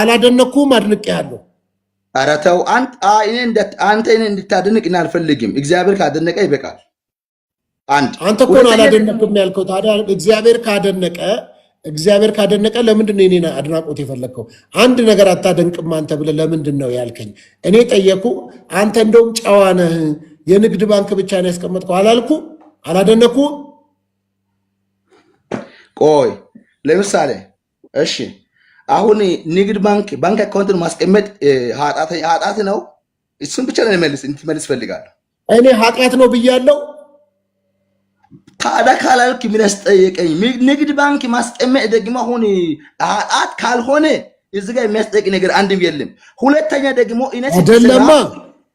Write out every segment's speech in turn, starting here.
አላደነኩም አድንቅ ያለው ኧረ ተው አንተ እንድታደንቅ አልፈልግም። እግዚአብሔር ካደነቀ ይበቃል። አንድ አንተ እኮ ነው አላደነቅም ያልከው። ታዲያ እግዚአብሔር ካደነቀ እግዚአብሔር ካደነቀ ለምንድን ነው የኔን አድናቆት የፈለግከው? አንድ ነገር አታደንቅም አንተ ብለህ ለምንድን ነው ያልከኝ? እኔ ጠየኩ። አንተ እንደውም ጨዋ ነህ፣ የንግድ ባንክ ብቻ ነው ያስቀመጥከው አላልኩ? አላደነኩም ቆይ ለምሳሌ እሺ፣ አሁን ንግድ ባንክ ባንክ አካውንትን ማስቀመጥ ኃጢአት ነው። እሱን ብቻ መልስ እንድትመልስ ፈልጋለሁ። እኔ ኃጢአት ነው ብያለሁ። ታዲያ ካላልክ ምን ያስጠየቀኝ? ንግድ ባንክ ማስቀመጥ ደግሞ አሁን ኃጢአት ካልሆነ እዚህ ጋር የሚያስጠይቅ ነገር አንድም የለም። ሁለተኛ ደግሞ አይደለማ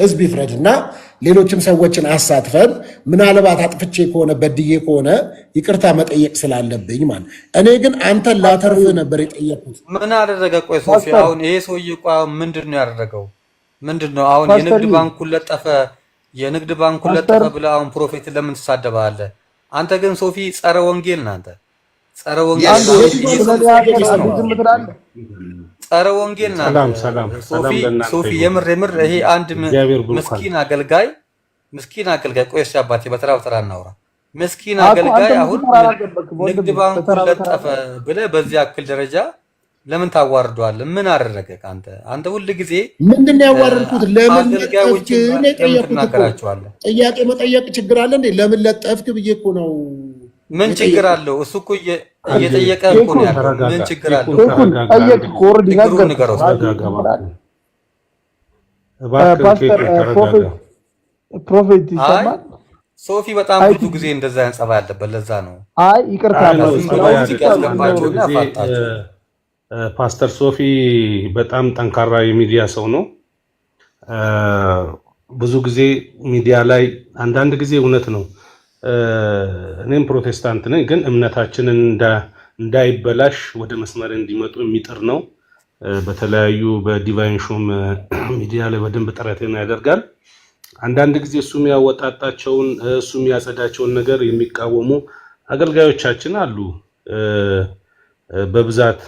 ህዝብ ይፍረድ እና ሌሎችም ሰዎችን አሳትፈን ምናልባት አጥፍቼ ከሆነ በድዬ ከሆነ ይቅርታ መጠየቅ ስላለብኝ ማለት እኔ ግን አንተን ላተርፍ ነበር የጠየቅኩት። ምን አደረገ? ቆይ ሶፊ፣ አሁን ይሄ ሰውዬ እኮ አሁን ምንድን ነው ያደረገው? ምንድን ነው አሁን የንግድ ባንኩን ለጠፈ፣ የንግድ ባንኩን ለጠፈ ብለህ አሁን ፕሮፌትን ለምን ትሳደባለህ? አንተ ግን ሶፊ ጸረ ወንጌል ነህ አንተ ጸረ ወንጌል ጸረ ወንጌል ና ሶፊ የምር የምር ይሄ አንድ ምስኪን አገልጋይ ምስኪን አገልጋይ አባቴ በተራ በተራ እናውራ ምስኪን አገልጋይ አሁን ንግድ ባንኩ ለጠፈ ብለ በዚህ ደረጃ ለምን ታዋርደዋል ምን አደረገ አንተ አንተ ሁል ጊዜ ምንድን ነው ለምን አገልጋዮች ጠየቅኩት ጥያቄ መጠየቅ ችግር አለ እንዴ ለምን ለጠፍክ ብዬ እኮ ነው ምን ችግር አለው? እሱ እኮ እየጠየቀ እኮ ነው ያለው። ምን ችግር አለው? ኮር ፕሮፌት ይሰማል። ሶፊ በጣም ብዙ ጊዜ እንደዛ ያንጸባ ያለበት ለዛ ነው። አይ ይቅርታ ፓስተር ሶፊ በጣም ጠንካራ የሚዲያ ሰው ነው። ብዙ ጊዜ ሚዲያ ላይ አንዳንድ ጊዜ እውነት ነው እኔም ፕሮቴስታንት ነኝ፣ ግን እምነታችንን እንዳይበላሽ ወደ መስመር እንዲመጡ የሚጥር ነው። በተለያዩ በዲቫይን ሾም ሚዲያ ላይ በደንብ ጥረትን ያደርጋል። አንዳንድ ጊዜ እሱም ያወጣጣቸውን እሱም ያጸዳቸውን ነገር የሚቃወሙ አገልጋዮቻችን አሉ በብዛት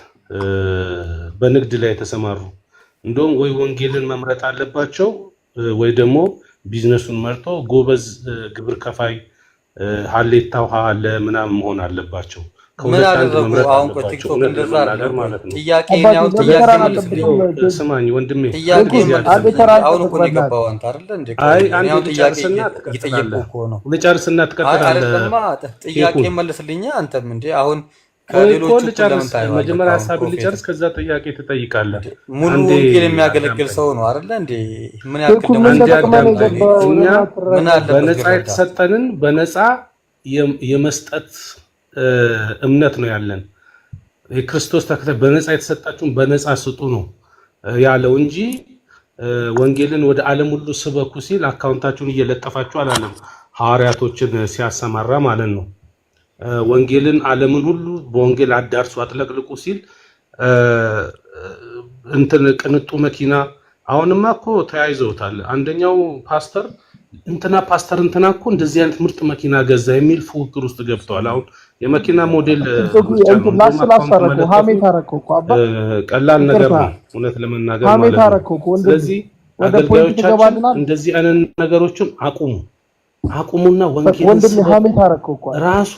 በንግድ ላይ የተሰማሩ እንደውም ወይ ወንጌልን መምረጥ አለባቸው ወይ ደግሞ ቢዝነሱን መርጦ ጎበዝ ግብር ከፋይ ሀሌታ ውሃ አለ ምናምን መሆን አለባቸው። ምን እንደዛ ነው። ጥያቄ ነው ጥያቄ ነው። ስማኝ ወንድሜ፣ ጥያቄ ነው ልጨርስና ትቀጥላለህ። ጥያቄ መልስልኛ። አንተም እንዴ አሁን መጀመሪያ ሀሳብ ልጨርስ፣ ከዛ ጥያቄ ትጠይቃለህ። ሙሉ ወንጌል የሚያገለግል ሰው ነው አይደለ እንዴ? በነፃ የተሰጠንን በነፃ የመስጠት እምነት ነው ያለን። የክርስቶስ ተከታይ በነፃ የተሰጣችሁን በነፃ ስጡ ነው ያለው እንጂ ወንጌልን ወደ ዓለም ሁሉ ስበኩ ሲል አካውንታችሁን እየለጠፋችሁ አላለም። ሐዋርያቶችን ሲያሰማራ ማለት ነው። ወንጌልን ዓለምን ሁሉ በወንጌል አዳርሶ አጥለቅልቁ ሲል እንትን ቅንጡ መኪና አሁንማ እኮ ተያይዘውታል። አንደኛው ፓስተር እንትና ፓስተር እንትና እኮ እንደዚህ አይነት ምርጥ መኪና ገዛ የሚል ፉክክር ውስጥ ገብተዋል። አሁን የመኪና ሞዴል ቀላል ነገር ነው እውነት ለመናገር ማለት ነው። ስለዚህ አገልጋዮቻችን እንደዚህ አይነት ነገሮችን አቁሙ። አቁሙና ወንጌልን ራሱ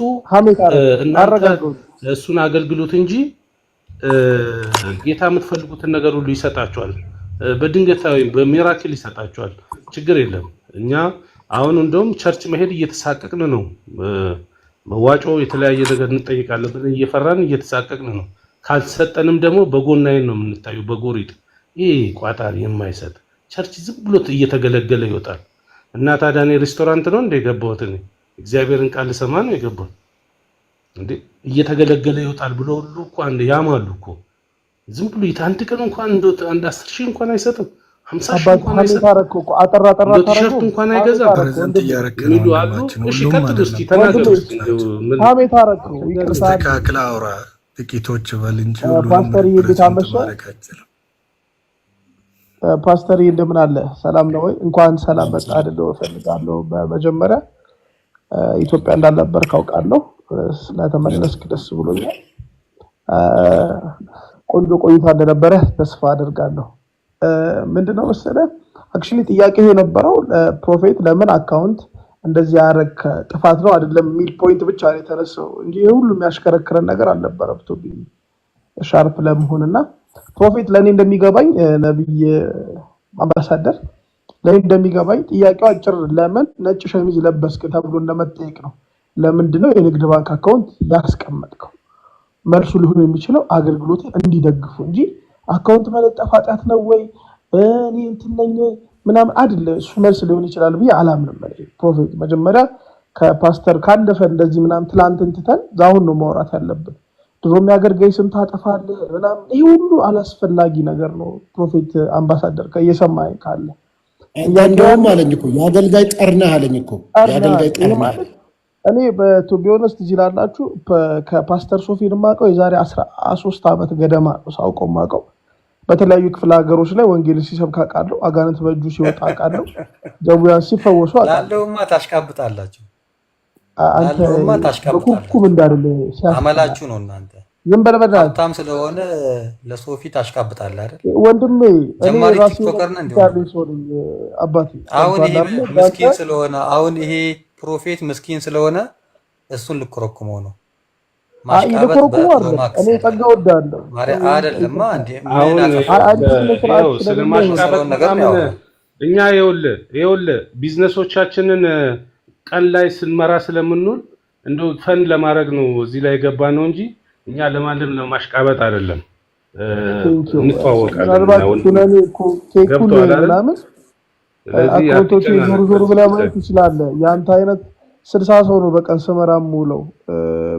እሱን አገልግሎት እንጂ ጌታ የምትፈልጉትን ነገር ሁሉ ይሰጣቸዋል። በድንገታዊ በሚራክል ይሰጣቸዋል። ችግር የለም። እኛ አሁን እንደውም ቸርች መሄድ እየተሳቀቅን ነው። መዋጮ የተለያየ ነገር እንጠይቃለን ብለን እየፈራን እየተሳቀቅን ነው። ካልሰጠንም ደግሞ በጎን ነው የምንታዩ፣ በጎሪጥ ይህ ቋጣሪ የማይሰጥ ቸርች ዝም ብሎት እየተገለገለ ይወጣል። እና ታዲያ እኔ ሬስቶራንት ነው እንደ የገባሁት እኔ እግዚአብሔርን ቃል ሰማ ነው የገባሁት። እንዴ እየተገለገለ ይወጣል ብሎ ሁሉ እኮ አንድ ያማሉ እኮ ዝም ብሎ አንድ ቀን እንኳን አንድ አስር ሺህ እንኳን አይሰጥም፣ ሀምሳ ሺህ እንኳን አይሰጥም፣ ቲሸርት እንኳን አይገዛም። ሚሉ አሉ። እሺ ቀጥሉ እስኪ ተናገሩ። ተካክል አውራ ጥቂቶች በል እንጂ ሁሉ ፓስተር እንደምን አለ? ሰላም ነው ወይ? እንኳን ሰላም መጣ አይደለው እፈልጋለሁ። በመጀመሪያ ኢትዮጵያ እንዳልነበር ካውቃለሁ ስለተመለስክ ደስ ብሎኛል። ቆንጆ ቆይታ እንደነበረ ተስፋ አድርጋለሁ ምንድነው መሰለህ አክቹዋሊ ጥያቄ የነበረው ፕሮፌት ለምን አካውንት እንደዚህ ያደረግ ጥፋት ነው አይደለም የሚል ፖይንት ብቻ ነው የተነሳው እንጂ ሁሉ የሚያሽከረክረን ነገር አልነበረም። ቶቢ ሻርፕ ለመሆንና ፕሮፌት ለእኔ እንደሚገባኝ ነብይ አምባሳደር ለእኔ እንደሚገባኝ ጥያቄው አጭር፣ ለምን ነጭ ሸሚዝ ለበስክ ተብሎ እንደመጠየቅ ነው። ለምንድን ነው የንግድ ባንክ አካውንት ያስቀመጥከው? መልሱ ሊሆን የሚችለው አገልግሎትን እንዲደግፉ እንጂ አካውንት መለጠፍ ኃጢአት ነው ወይ እኔ እንትን ምናምን አይደለ። እሱ መልስ ሊሆን ይችላል ብዬ አላምንም። ፕሮፌት መጀመሪያ ከፓስተር ካለፈ እንደዚህ ምናምን ትላንትን ትተን ዛሁን ነው ማውራት ያለብን። ድሮም የሀገር ገይ ስም ታጠፋለህ ምናምን፣ ይህ ሁሉ አላስፈላጊ ነገር ነው። ፕሮፌት አምባሳደር እየሰማ ካለ እንደውም አለኝ እኮ የአገልጋይ ጠርነህ አለኝ እኮ የአገልጋይ ጠርነህ። እኔ ቢሆነስት እዚህ ላላችሁ ከፓስተር ሶፊን ማቀው የዛሬ አስራ ሶስት ዓመት ገደማ ነው ሳውቀው ማቀው በተለያዩ ክፍለ ሀገሮች ላይ ወንጌል ሲሰብክ አውቃለሁ። አጋንንት በእጁ ሲወጣ አውቃለሁ። ደዌያን ሲፈወሱ አውቃለሁ። ላለውማ ታሽቃብጣላችሁ ኩም እንዳለ አመላችሁ ነው እናንተ ዝም በል በል ሀብታም ስለሆነ ለሶፊ ፊት አሽቃብጣለህ አይደል ወንድሜ። ጀማሪ ቲክቶከር አባቴ አሁን ይሄ ምስኪን ስለሆነ አሁን ይሄ ፕሮፌት ምስኪን ስለሆነ እሱን ልኮረኩመው ነው እኛ ይኸውልህ ይኸውልህ ቢዝነሶቻችንን ቀን ላይ ስንመራ ስለምንውል እንደ ፈን ለማድረግ ነው እዚህ ላይ የገባ ነው እንጂ እኛ ለማንም ለማሽቃበጥ አይደለም። እንተዋወቃለንናምን ዞር ዞር ብላ ማለት ትችላለህ። የአንተ አይነት ስልሳ ሰው ነው በቀን ስመራ ሙለው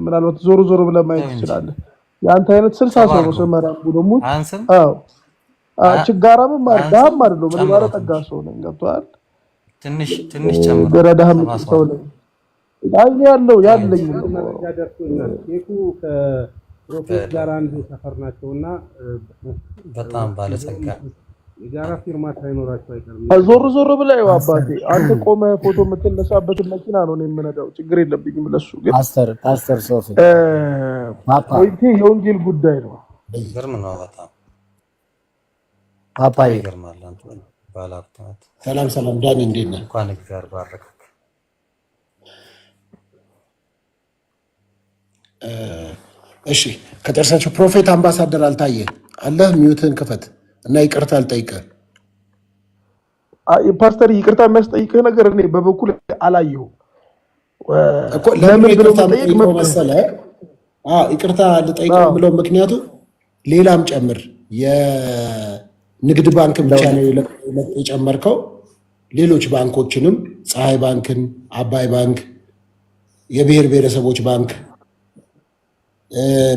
ምናልባት ዞር ዞር ብለ ማየት ትችላለህ። የአንተ አይነት ስልሳ ሰው ነው ስመራ የምውለው። ችጋራምም አይደል ደሀም አይደለሁም። እኔ ባለጠጋ ሰው ነኝ። ገብቶሃል ትንሽ ትንሽ ጨምሮ አይ ያለው ያለኝ ሼኩ ከፕሮፌት ጋር አንድ ሰፈር ናቸውና በጣም ባለጸጋ የጋራ ፊርማ ሳይኖራቸው አይቀርም። ዞር ዞር ብለህ ይኸው አባቴ አንተ ቆመህ ፎቶ የምትነሳበትን መኪና ነው ነው የምነዳው። ችግር የለብኝም ለሱ ግን ፓስተር ፓስተር ሶፊ ፖይንቴ የወንጌል ጉዳይ ነው። ግርም ነው በጣም ፓፓ ይገርማል አንተ ባላባት ሰላም ሰላም። ዳን እንዴት ነህ? እንኳን እግዚአብሔር ባረከ። እሺ ከጨረሳችሁ፣ ፕሮፌት አምባሳደር አልታየ አለህ፣ ሚዩትን ክፈት እና ይቅርታ አልጠይቅህ። ፓስተር ይቅርታ የሚያስጠይቅህ ነገር እኔ በበኩል አላየሁም። ለምን ብሎ ይቅርታ ልጠይቅህ የምለው ምክንያቱ ሌላም ጨምር የንግድ ባንክ ብቻ ነው የጨመርከው ሌሎች ባንኮችንም ፀሐይ ባንክን፣ አባይ ባንክ፣ የብሔር ብሔረሰቦች ባንክ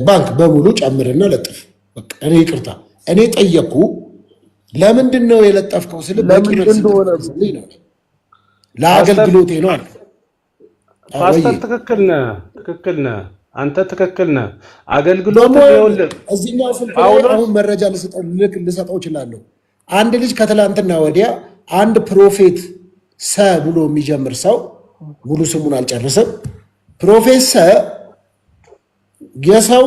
ባንክ በሙሉ ጨምርና ለጥፍ። እኔ ይቅርታ እኔ ጠየቅኩ። ለምንድን ነው የለጠፍከው ስል ለአገልግሎቴ ነው አለ። ፓስተር ትክክል ነህ፣ ትክክል ነህ አንተ ትክክል ነህ። አገልግሎት ይኸውልህ፣ እዚህኛው ስልክ አሁን መረጃ ልሰጠው እችላለሁ። አንድ ልጅ ከትላንትና ወዲያ አንድ ፕሮፌት ሰ ብሎ የሚጀምር ሰው ሙሉ ስሙን አልጨርስም። ፕሮፌት ሰ የሰው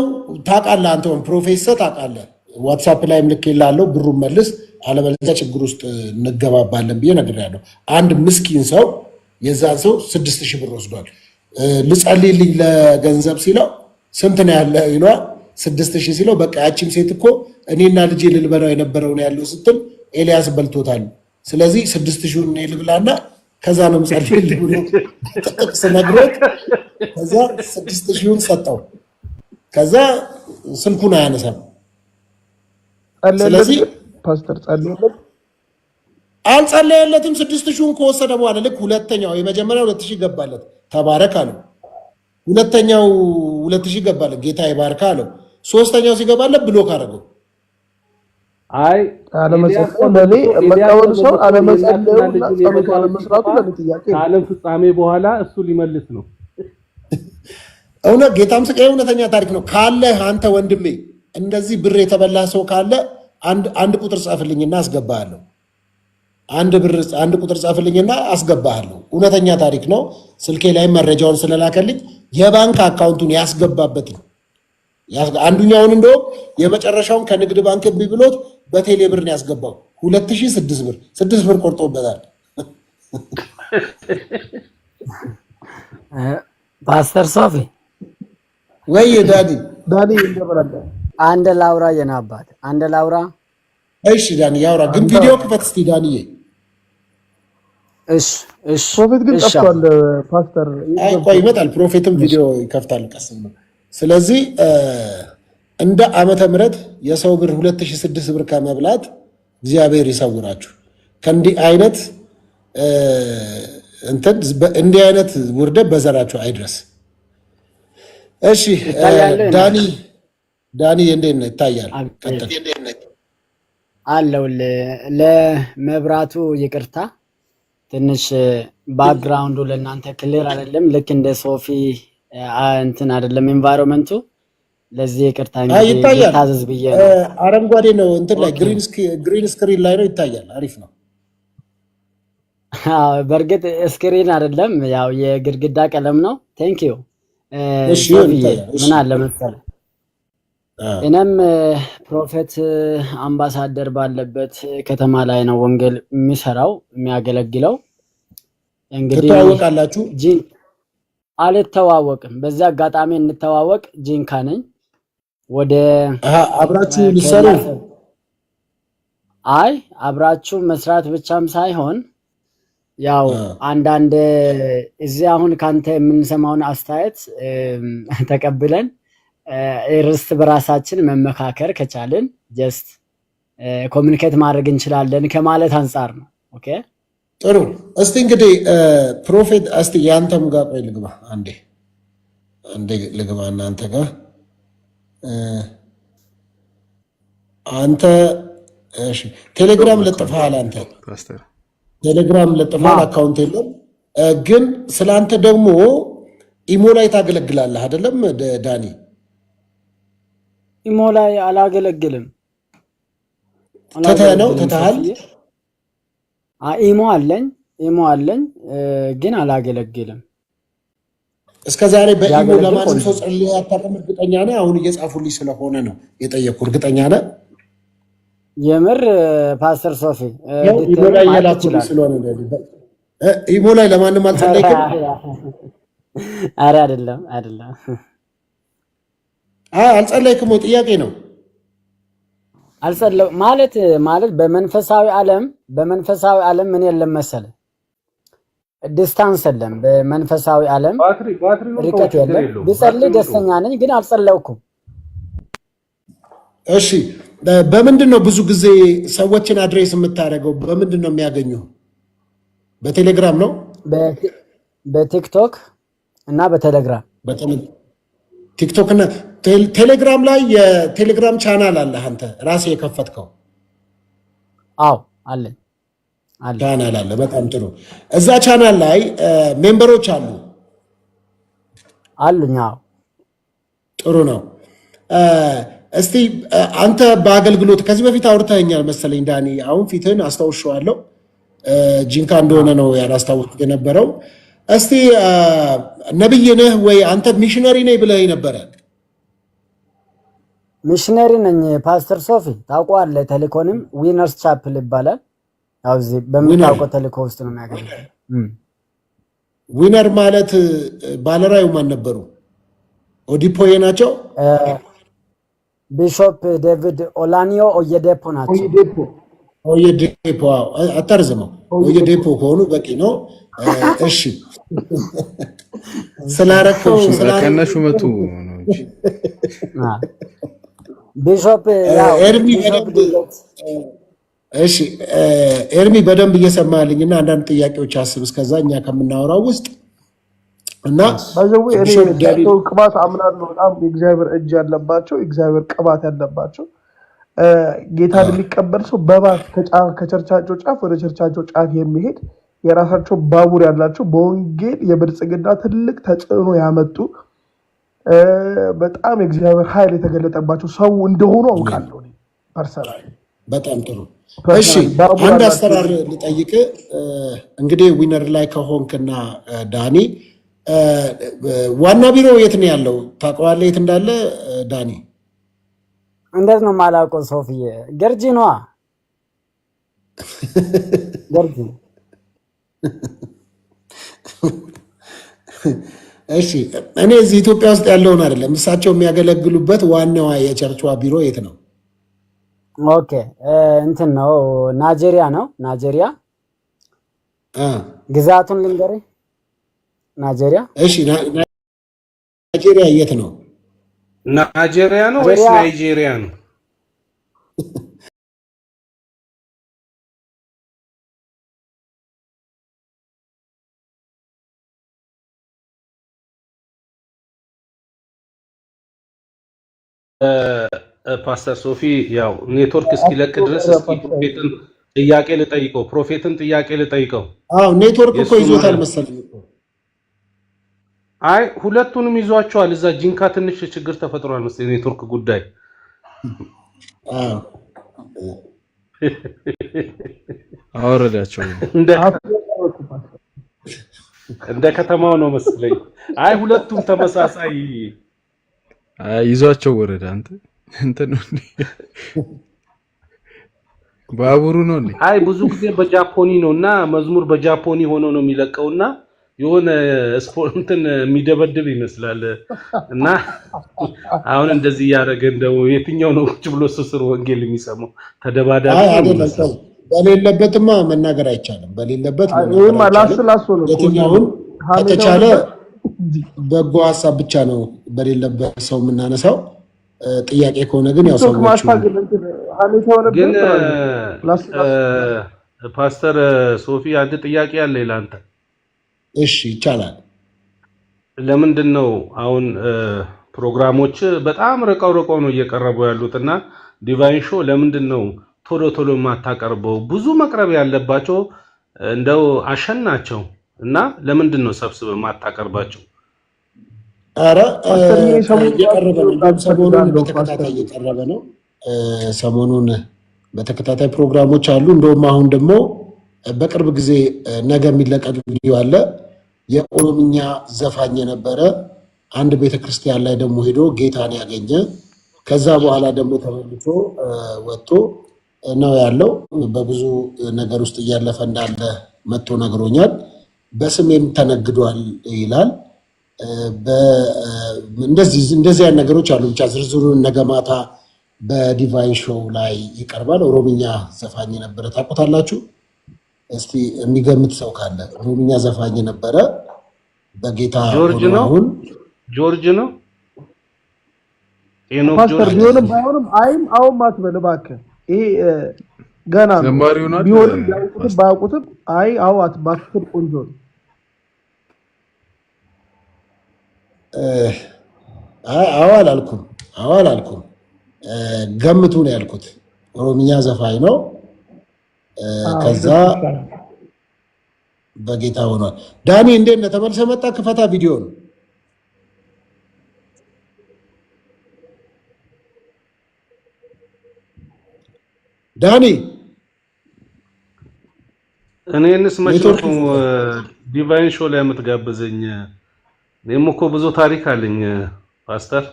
ታውቃለህ፣ አንተውን ፕሮፌት ሰ ታውቃለህ። ዋትሳፕ ላይም ልኬልሃለሁ፣ ብሩን መልስ፣ አለበለዚያ ችግር ውስጥ እንገባባለን ብዬ ነግሬሃለሁ። አንድ ምስኪን ሰው የዛን ሰው ስድስት ሺህ ብር ወስዷል። ልጸልልኝ ለገንዘብ ሲለው ስንት ነው ያለ ይለዋል ስድስት ሺህ ሲለው በቃ ያቺም ሴት እኮ እኔና ልጅ ልልበላው የነበረው ነው ያለው ስትል ኤልያስ በልቶታል። ስለዚህ ስድስት ሺ እኔ ልብላና ከዛ ነው ምጸልል ብሎ ጥቅስ ነግሮት ከዛ ስድስት ሺሁን ሰጠው። ከዛ ስልኩን አያነሳም። ስለዚህ ፓስተር አልጸለየለትም። ስድስት ሺሁን ከወሰደ በኋላ ልክ ሁለተኛው የመጀመሪያ ሁለት ሺህ ገባለት፣ ተባረክ አለው። ሁለተኛው ሁለት ሺህ ገባለት፣ ጌታ ይባርካ አለው። ሶስተኛው ሲገባለት ብሎክ አደረገው። አይ አለመጸለዩ ከዓለም ፍጻሜ በኋላ እሱ ሊመልስ ነው። እውነት ጌታም ስቀ እውነተኛ ታሪክ ነው። ካለ አንተ ወንድሜ እንደዚህ ብር የተበላ ሰው ካለ አንድ ቁጥር ጻፍልኝና አስገባሃለሁ። አንድ ብር አንድ ቁጥር ጻፍልኝና አስገባሃለሁ። እውነተኛ ታሪክ ነው። ስልኬ ላይ መረጃውን ስለላከልኝ የባንክ አካውንቱን ያስገባበት ነው። አንዱኛውን እንደውም የመጨረሻውን ከንግድ ባንክ እምቢ ብሎት በቴሌ ብር ነው ያስገባው። ሁለት ሺህ ስድስት ብር ስድስት ብር ቆርጦበታል። ፓስተር ሶፊ ወይ ዳኒ ዳኒ እንደበረደ አንድ ላውራ የናባት አባት አንድ ላውራ። እሺ ዳኒ ያውራ፣ ግን ቪዲዮ ክፈት እስቲ ዳኒዬ። እሺ እሺ፣ ፕሮፌት ግን ጠፍቷል ፓስተር። አይ ቆይ ይመጣል፣ ፕሮፌትም ቪዲዮ ይከፍታል ቀስ ብሎ ስለዚህ እንደ ዓመተ ምሕረት የሰው ብር 2006 ብር ከመብላት እግዚአብሔር ይሰውራችሁ። ከእንዲህ አይነት እንዲህ አይነት ውርደት በዘራችሁ አይድረስ። እሺ ዳኒ ዳኒ እንዴት ይታያል አለው። ለመብራቱ ይቅርታ ትንሽ ባክግራውንዱ ለእናንተ ክልር አይደለም። ልክ እንደ ሶፊ እንትን አይደለም ኤንቫይሮንመንቱ። ለዚህ ይቅርታ ይታያል። ታዘዝ ብዬ አረንጓዴ ነው እንትን ላይ ግሪን ስክሪን ላይ ነው ይታያል። አሪፍ ነው። በእርግጥ ስክሪን አይደለም ያው የግድግዳ ቀለም ነው። ቴንክ ዩ ምን አለ መሰለህ እኔም ፕሮፌት አምባሳደር ባለበት ከተማ ላይ ነው ወንጌል የሚሰራው የሚያገለግለው እንግዲህ አልተዋወቅም። በዚህ አጋጣሚ እንተዋወቅ። ጂንካ ነኝ። ወደ አብራችሁ ሊሰሩ አይ አብራችሁ መስራት ብቻም ሳይሆን ያው አንዳንድ እዚህ አሁን ካንተ የምንሰማውን አስተያየት ተቀብለን እርስ በራሳችን መመካከር ከቻልን ጀስት ኮሚኒኬት ማድረግ እንችላለን ከማለት አንጻር ነው። ኦኬ ጥሩ እስቲ እንግዲህ ፕሮፌት እስቲ የአንተም ጋር ቆይ ልግባ አንዴ አንዴ ልግባ እናንተ ጋር አንተ ቴሌግራም ልጥፋል አንተ ቴሌግራም ልጥፋል አካውንት የለም ግን ስለ አንተ ደግሞ ኢሞ ላይ ታገለግላለህ አይደለም ዳኒ ኢሞ ላይ አላገለግልም ትተህ ነው ትተሃል ኢሞ አለኝ ኢሞ አለኝ ግን አላገለግልም። እስከ ዛሬ በኢሞ ለማንም ሰው ጸልዬ አታውቅም። እርግጠኛ ነህ? አሁን እየጻፉልኝ ስለሆነ ነው የጠየኩ። እርግጠኛ ነህ? የምር ፓስተር ሶፊ ኢሞ ላይ የላኩልኝ ስለሆነ ኢሞ ላይ ለማንም አልጸለይክም? አረ አይደለም አይደለም፣ አልጸለይክም ወይ ጥያቄ ነው። አልጸለው ማለት ማለት በመንፈሳዊ ዓለም በመንፈሳዊ ዓለም ምን የለም መሰለ ዲስታንስ የለም። በመንፈሳዊ ዓለም ርቀት የለም። ብጸልይ ደስተኛ ነኝ፣ ግን አልጸለውኩም። እሺ፣ በምንድን ነው ብዙ ጊዜ ሰዎችን አድሬስ የምታደርገው? በምንድን ነው በቴሌግራም ነው፣ በቲክቶክ እና በቴሌግራም ቲክቶክ እና ቴሌግራም ላይ የቴሌግራም ቻናል አለ። አንተ ራሴ የከፈትከው? አዎ አለ ቻናል አለ። በጣም ጥሩ። እዛ ቻናል ላይ ሜምበሮች አሉ አሉኝ። ጥሩ ነው። እስቲ አንተ በአገልግሎት ከዚህ በፊት አውርተኸኛል መሰለኝ ዳኒ። አሁን ፊትህን አስታውሻለሁ። ጂንካ እንደሆነ ነው ያላስታወስኩት የነበረው እስቲ ነብይ ነህ ወይ አንተ ሚሽነሪ ነህ ብለህ ነበረ። ሚሽነሪ ነኝ ፓስተር ሶፊ ታውቀዋለህ። ተልእኮንም ዊነርስ ቻፕል ይባላል። ያው እዚህ በምታውቀው ተልእኮ ውስጥ ነው የሚያገኘው። ዊነር ማለት ባለራዩ ማን ነበሩ? ኦዲፖዬ ናቸው። ቢሾፕ ዴቪድ ኦላኒዮ ኦየዴፖ ናቸው። ኦየዴፖ አታርዝመው። ኦየዴፖ ከሆኑ በቂ ነው። እሺ ስላረከው ስለከነሹ መቱ ኤርሚ በደንብ እሺ ኤርሚ በደንብ እየሰማልኝ እና አንዳንድ ጥያቄዎች አስብ እስከዛ እኛ ከምናወራው ውስጥ እና ቅባት አምናለሁ። በጣም የእግዚአብሔር እጅ ያለባቸው የእግዚአብሔር ቅባት ያለባቸው ጌታን የሚቀበል ሰው በባት ከቸርቻቸው ጫፍ ወደ ቸርቻቸው ጫፍ የሚሄድ የራሳቸው ባቡር ያላቸው በወንጌል የብልጽግና ትልቅ ተጽዕኖ ያመጡ በጣም የእግዚአብሔር ኃይል የተገለጠባቸው ሰው እንደሆኑ አውቃለሁ። ፐርሰናል በጣም ጥሩ። እሺ አንድ አሰራር ልጠይቅ እንግዲህ ዊነር ላይ ከሆንክና ዳኒ ዋና ቢሮ የት ነው ያለው? ታውቀዋለህ የት እንዳለ ዳኒ? እንዴት ነው የማላውቀው ሶፍዬ? ገርጂ ነዋ ገርጂ እሺ እኔ እዚህ ኢትዮጵያ ውስጥ ያለውን አይደለም፣ እሳቸው የሚያገለግሉበት ዋናዋ የቸርቿ ቢሮ የት ነው? ኦኬ እንትን ነው ናይጄሪያ ነው። ናይጄሪያ ግዛቱን ልንገርህ። ናይጄሪያ እሺ፣ ናይጄሪያ የት ነው? ናይጄሪያ ነው ወይስ ናይጄሪያ ነው? ፓስተር ሶፊ ያው ኔትወርክ እስኪለቅ ድረስ እስኪ ፕሮፌትን ጥያቄ ልጠይቀው። ፕሮፌትን ጥያቄ ልጠይቀው። አዎ ኔትወርክ እኮ ይዞታል መሰለኝ። አይ ሁለቱንም ይዟቸዋል። እዛ ጂንካ ትንሽ ችግር ተፈጥሯል መሰለኝ ኔትወርክ ጉዳይ። አዎ አወረዳቸው። እንደ ከተማው ነው መሰለኝ። አይ ሁለቱም ተመሳሳይ ይዟቸው ወረደ። አንተ እንትን ነው ባቡሩ ነው እንዴ? አይ ብዙ ጊዜ በጃፖኒ ነው እና መዝሙር በጃፖኒ ሆኖ ነው የሚለቀው እና የሆነ ስፖርት እንትን የሚደበድብ ይመስላል እና አሁን እንደዚህ እያደረገ እንደው የትኛው ነው ቁጭ ብሎ ስስር ወንጌል የሚሰማው ተደባዳቢ በሌለበትማ መናገር አይቻልም። በሌለበት ይህም ላስ ነው። የትኛውን ከተቻለ በጎ ሀሳብ ብቻ ነው በሌለበት ሰው የምናነሳው። ጥያቄ ከሆነ ግን ያው ሰዎች ፓስተር ሶፊ አንድ ጥያቄ አለ ለአንተ። እሺ ይቻላል። ለምንድን ነው አሁን ፕሮግራሞች በጣም ርቀው ርቀው ነው እየቀረቡ ያሉት? እና ዲቫይን ሾ ለምንድን ነው ቶሎ ቶሎ የማታቀርበው? ብዙ መቅረብ ያለባቸው እንደው አሸናቸው እና ለምንድን ነው ሰብስበ ማታቀርባቸው? አረ ሰሞኑን በተከታታይ እየቀረበ ነው። ሰሞኑን በተከታታይ ፕሮግራሞች አሉ። እንደውም አሁን ደግሞ በቅርብ ጊዜ ነገ የሚለቀቅ ቪዲዮ አለ። የኦሮምኛ ዘፋኝ የነበረ አንድ ቤተክርስቲያን ላይ ደግሞ ሄዶ ጌታን ያገኘ ከዛ በኋላ ደግሞ ተመልሶ ወጥቶ ነው ያለው። በብዙ ነገር ውስጥ እያለፈ እንዳለ መጥቶ ነግሮኛል። በስሜም ተነግዷል ይላል። እንደዚህ አይነት ነገሮች አሉ። ብቻ ዝርዝሩን ነገ ማታ በዲቫይን ሾው ላይ ይቀርባል። ኦሮምኛ ዘፋኝ ነበረ፣ ታውቁታላችሁ። እስቲ የሚገምት ሰው ካለ ኦሮምኛ ዘፋኝ ነበረ። በጌታ ጆርጅ ነው፣ ጆርጅ ነው። ፓስተር ቢሆንም ባይሆንም አይም አሁን ማትበል እባክህ፣ ይሄ ገና ቢሆንም ቢሆንም ባያውቁትም አይ አዎ አትባክትም ቆንጆ ነው። አዎ አላልኩም። አዎ አላልኩም። ገምቱ ነው ያልኩት። ኦሮምኛ ዘፋኝ ነው። ከዛ በጌታ ሆኗል። ዳኒ እንዴት ነህ? ተመልሰህ መጣ። ክፈታ ቪዲዮ ነው ዳኒ እኔንስ መቼ ነው ዲቫይን ሾው ላይ የምትጋብዘኝ? እኔም እኮ ብዙ ታሪክ አለኝ ፓስተር።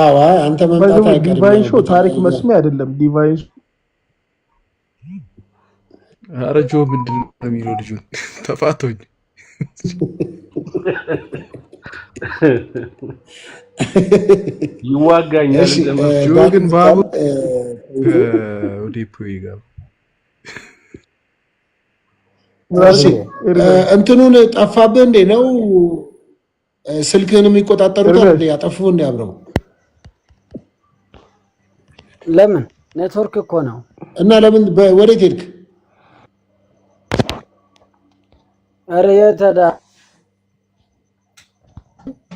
አዎ አንተ መምጣት ዲቫይን ሾው ታሪክ መስሚያ አይደለም። ዲቫይን ሾው ኧረ ጆ ምንድን ነው የሚለው ልጁ ተፋቶኝ ይዋጋኛል ግን ባቡ ኦዴፖ ይጋብ እንትኑን ጠፋብህ እንዴ? ነው ስልክህን የሚቆጣጠሩት ያጠፉ እንዴ? አብረው ለምን ኔትወርክ እኮ ነው። እና ለምን ወዴት ሄድክ? ኧረ የተዳ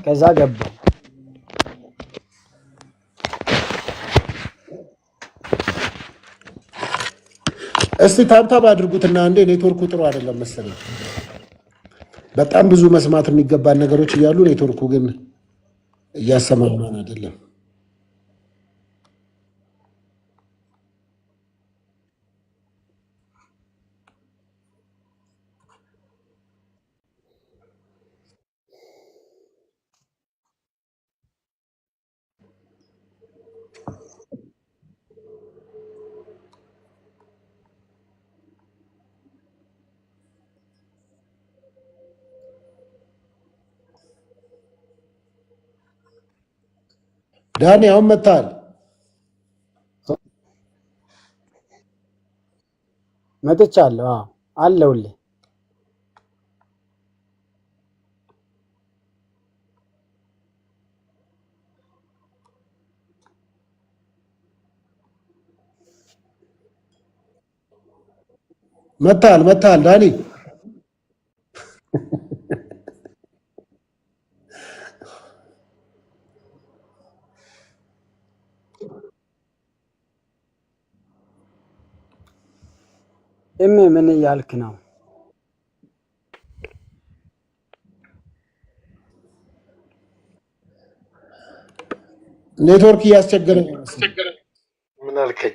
ከዛ ገባ? እስቲ ታብታብ አድርጉትና እንዴ ኔትወርኩ ጥሩ አይደለም መሰለኝ። በጣም ብዙ መስማት የሚገባን ነገሮች እያሉ ኔትወርኩ ግን እያሰማማን አይደለም። ዳኒ አሁን መታል መጥቻለሁ። አዎ አለሁልህ። መታል መታል ዳኒ እሜ ምን እያልክ ነው? ኔትወርክ እያስቸገረ ምን አልከኝ?